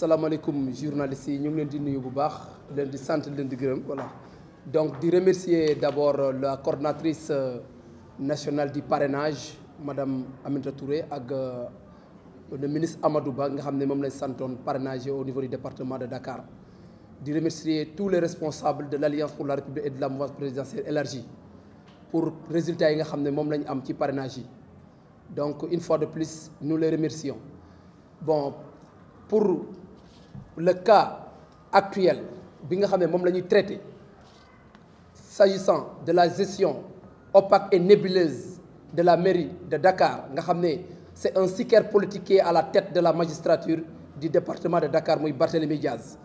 Salam journalistes journaliste, nous ngi leen di nuyu bu baax leen voilà donc di remercier d'abord la coordonnatrice euh, nationale du parrainage madame Aminata Touré ak euh, le ministre Amadou Ba qui a fait un parrainage au niveau du département de Dakar Je remercier tous les responsables de l'Alliance pour la République et de la mouvance présidentielle élargie pour le résultat nga xam ne parrainage donc une fois de plus nous les remercions bon pour le cas actuel s'agissant de la gestion opaque et nébuleuse de la mairie de Dakar c'est un sicaire politique à la tête de la magistrature du département de Dakar Barthélémy Diaz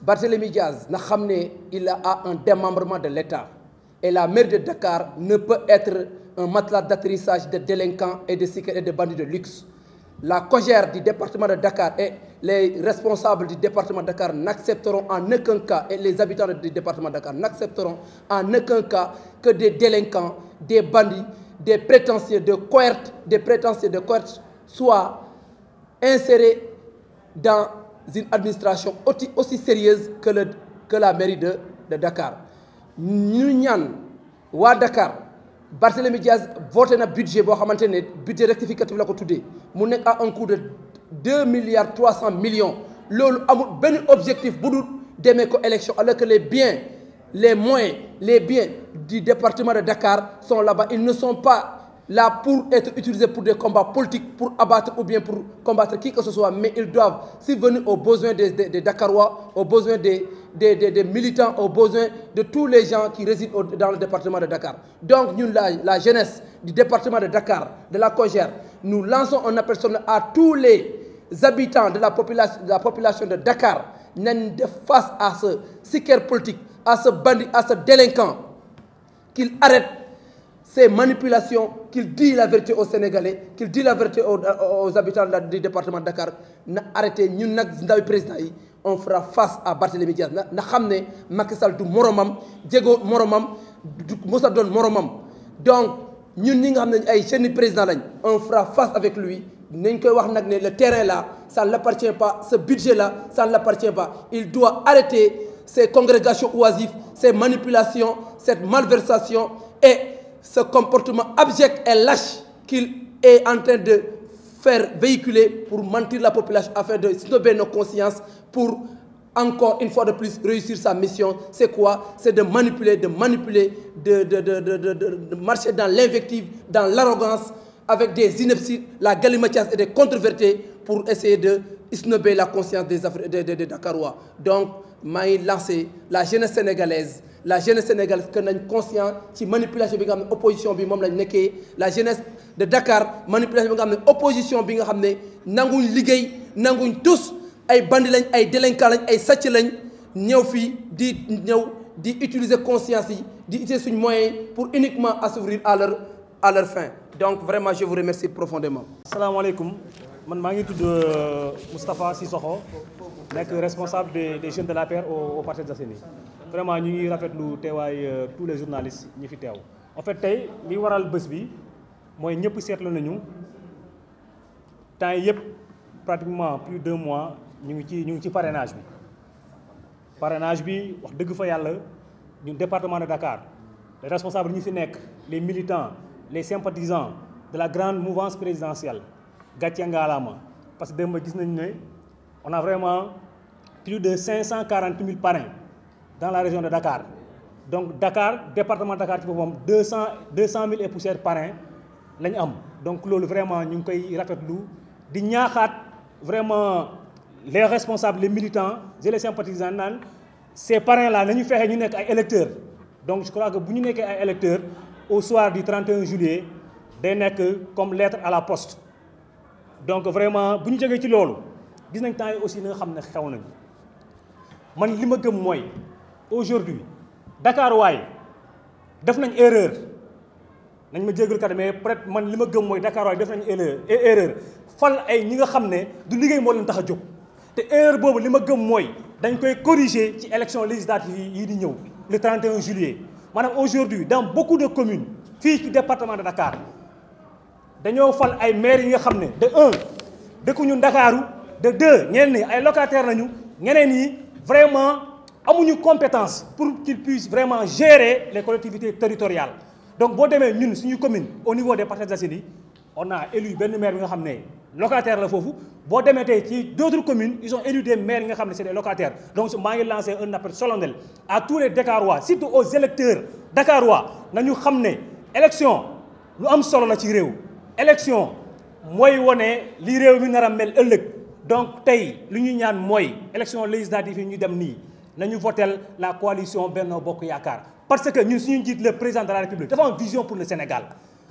Barthélémy Diaz il a un démembrement de l'État et la mairie de Dakar ne peut être un matelas d'atterrissage de délinquants et de sicaires et de bandits de luxe la cogère du département de Dakar est les responsables du département de Dakar n'accepteront en aucun cas, et les habitants du département de Dakar n'accepteront en aucun cas que des délinquants, des bandits, des prétentieux de cohérte, des prétentieux de soient insérés dans une administration aussi, sérieuse que, le, que, la mairie de, Dakar. Nous wa Dakar, Barthélémy Diaz voté un budget, budget rectificatif, à un coût de 2 milliards 300 millions le objectif bu alors que les biens les moyens les biens du département de Dakar sont là-bas ils ne sont pas là pour être utilisés pour des combats politiques pour abattre ou bien pour combattre qui que ce soit mais ils doivent venir aux besoins des des, Dakarois aux besoins des des militants aux besoins de tous les gens qui résident dans le département de Dakar donc nous la jeunesse du département de Dakar de la Cogère nous lançons un appel à tous les les habitants de la population, de, Dakar de face à ce sicaire politique, à ce bandit, à ce délinquant, qu'il arrête ces manipulations, qu'il dit la vérité aux Sénégalais, qu'il dit la vérité aux, habitants du département de Dakar. Arrêtez, nous, nous, président, on fera face à Barthélémy Diaz. Nous savons Macky Sall du Moromam, Diego Moromam, Moussa Don Moromam. Donc, nous, nous, nous, nous, on fera face avec lui, le terrain là ça ne l'appartient pas ce budget là ça ne l'appartient pas il doit arrêter ces congrégations oisives ces manipulations cette malversation et ce comportement abject et lâche qu'il est en train de faire véhiculer pour mentir la population afin de snober nos consciences pour encore une fois de plus réussir sa mission. C'est quoi C'est de manipuler, de manipuler, de, de, de marcher dans l'invective, dans l'arrogance, avec des inepties, la galimatias et des controverties pour essayer de snober la conscience des, des, des, Dakarois. Donc, j'ai lancé la jeunesse sénégalaise la jeunesse sénégalaise que consciente conscient la manipulation bi nga opposition bi la la jeunesse de Dakar manipulation bi nga xam opposition bi nga xam ne nanguñ liggéey tous ay bandi lañ ay délinquant lañ ay sàcc lañ ñëw fii di di utiliser conscience nous di utiliser moyen pour uniquement assouvir à leur à leur fin donc vraiment je vous remercie profondément. Salam alaikum. Je suis Mustafa euh, Moustapha responsable des jeunes de la paix au au la Assainies vraiment nous ngi rafetlu euh, tous les journalistes en fait nous en fait tey li waral avons bi le ñëpp nous avons temps pratiquement plus de deux mois ñu ngi parrainage Le parrainage bi département de Dakar les responsables ñi les militants les sympathisants de la grande mouvance présidentielle Gatianga Alama. parce que depuis gis on a vraiment plus de 540 000 parrains dans la région de Dakar donc Dakar département de Dakar 200 200 000 et parrains donc vraiment ñu koy vraiment les responsables les militants les sympathisants ces parrains là nous fexe ñu électeurs donc je crois que si ñu nekkee électeurs au soir du 31 juillet day nek comme lettre à la poste donc vraiment buñu ñu ci lolu, gis nañ temps aussi nga xamné xew nañu man lima gëm moy aujourd'hui Dakar way def nañ erreur nañ ma jégalu kat mais peut man lima gëm moy Dakar way def nañ erreur erreur fal ay ñi nga xamné du liggéey mo leen tax a jóg erreur bobu lima gëm moy dañ koy corriger ci élection législative yi di ñëw le 31 juillet Madame, aujourd'hui dans beaucoup de communes ici, du département de Dakar dañoo fal ay maires yi nga De un, de un de deux ñeneen ñi ay locataires lañu ñeneen vraiment amuñu compétence pour qu'ils puissent vraiment gérer les collectivités territoriales donc si nous, sommes suñu communes, au niveau des de on a élu Ben maire bi nga Locataires, la faut vous. demee tey ci d'autres communes ils ont élu des maires nga xamné des locataires donc je ngi lancer un appel solennel à tous les Dakarois surtout aux électeurs Dakarois nañu xamné élection lu am solo la ci réew élection moy woné li réew mi mel donc tay lu ñu ñaan moy élection législative ñu dem ni nañu voter la coalition Benno Bokk Yakar... parce que ñun suñu njiit le président de la République dafa une vision pour le Sénégal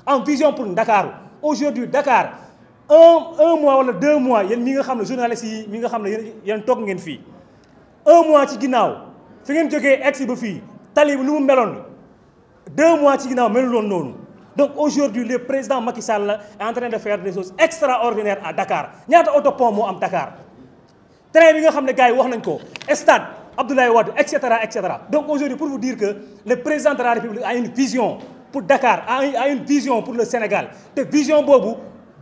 Une vision pour Dakar... aujourd'hui Dakar un un mois ou deux mois il mi nga xam journaliste yi mi nga xam ne yéen ngeen fi. un mois ci y fi ngeen jógee qui bu fi, tali bi lu mu deux mois ci ginnaw melul woon donc aujourd'hui le président Macky Sall est en train de faire des choses extraordinaires à Dakar ñaata pont mo am Dakar train bi nga xam gaay gars wax nañ ko stade Abdoulaye Wade et cetera et cetera donc aujourd'hui pour vous dire que le président de la République a une vision pour Dakar a une vision pour le Sénégal cette vision là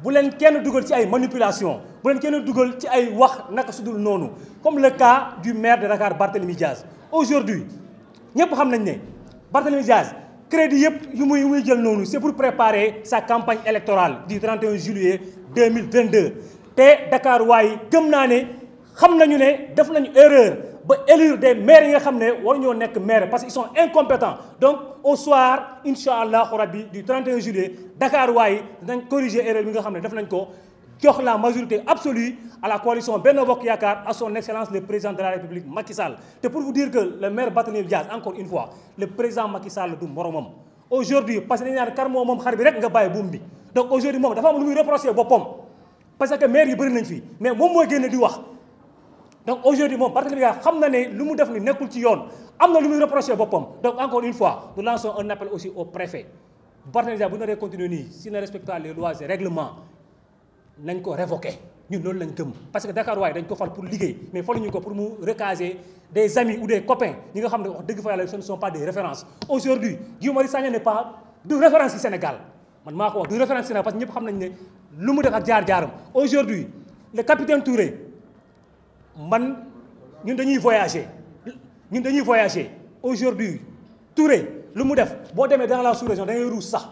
bu leen kenn dugal ci ay manipulation bu leen kenn dugal ci ay wax naka sudul comme le cas du maire de Dakar Barthélémy Diaz aujourd'hui ñepp xam nañ ne Barthélémy Diaz crédit yëpp yu muy c'est pour préparer sa campagne électorale du 31 juillet 2022 Et Dakar comme gëm naa ne xam nañu ne erreur ba élire des maires qui nga parce qu'ils sont incompétents donc au soir Inch'Allah, du 31 juillet Dakar Wai, nous corriger erreur bi nga la majorité absolue à la coalition Benno Kiyakar, à son excellence le président de la République Macky Sall C'est pour vous dire que le maire Batanil Diaz, encore une fois le président Macky Sall du moromam aujourd'hui parce que y a un moo moom xar bi rek nga bàyyi buum donc aujourd'hui moom dafa am lu reprocher. reproché parce que le maire yi bëri nañ fii mais moom que génne di wax donc aujourd'hui mon parti Dias comme l'année, ne lu mu def ni nekkul ci yoon am lu donc encore une fois nous lançons un appel aussi au préfet Barthélémy Dias vous naree continuer ni, s'il ne respecte pas les lois et règlements nañ ko révoquer ñun non lañ parce que Dakar ouais, dañ ko fal pour liguer, mais faluñu ko pour mu recaser des amis ou des copains ñi nga xam ne wax dëgg fa yàlla ce ne sont pas des références aujourd'hui Guy Marius n'est pas de référence ci Sénégal man maa ko wax du référence Sénégal parce que nous ne lu mu def ak jaar aujourd'hui le capitaine Touré man ñun dañuy voyager ñun dañuy voyager aujourd'hui Touré lu mu def bo démé dans la sous-région dañuy rouss sax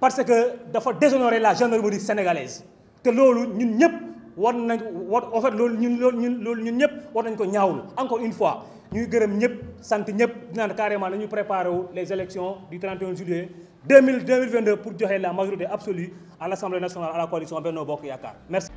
parce que dafa déshonorer la gendarmerie sénégalaise té lolu ñun ñëpp war nañ war en fait loolu ñun loolu ñun loolu ñun ñëpp war nañ ko ñaawlu encore une fois ñuy gërëm ñëpp sant ñëpp dinaan carrément la préparer wu les élections du 31 juillet 2000 2022 pour joxe la majorité absolue à l'Assemblée nationale à la coalition Benno Bokk Yakar. merci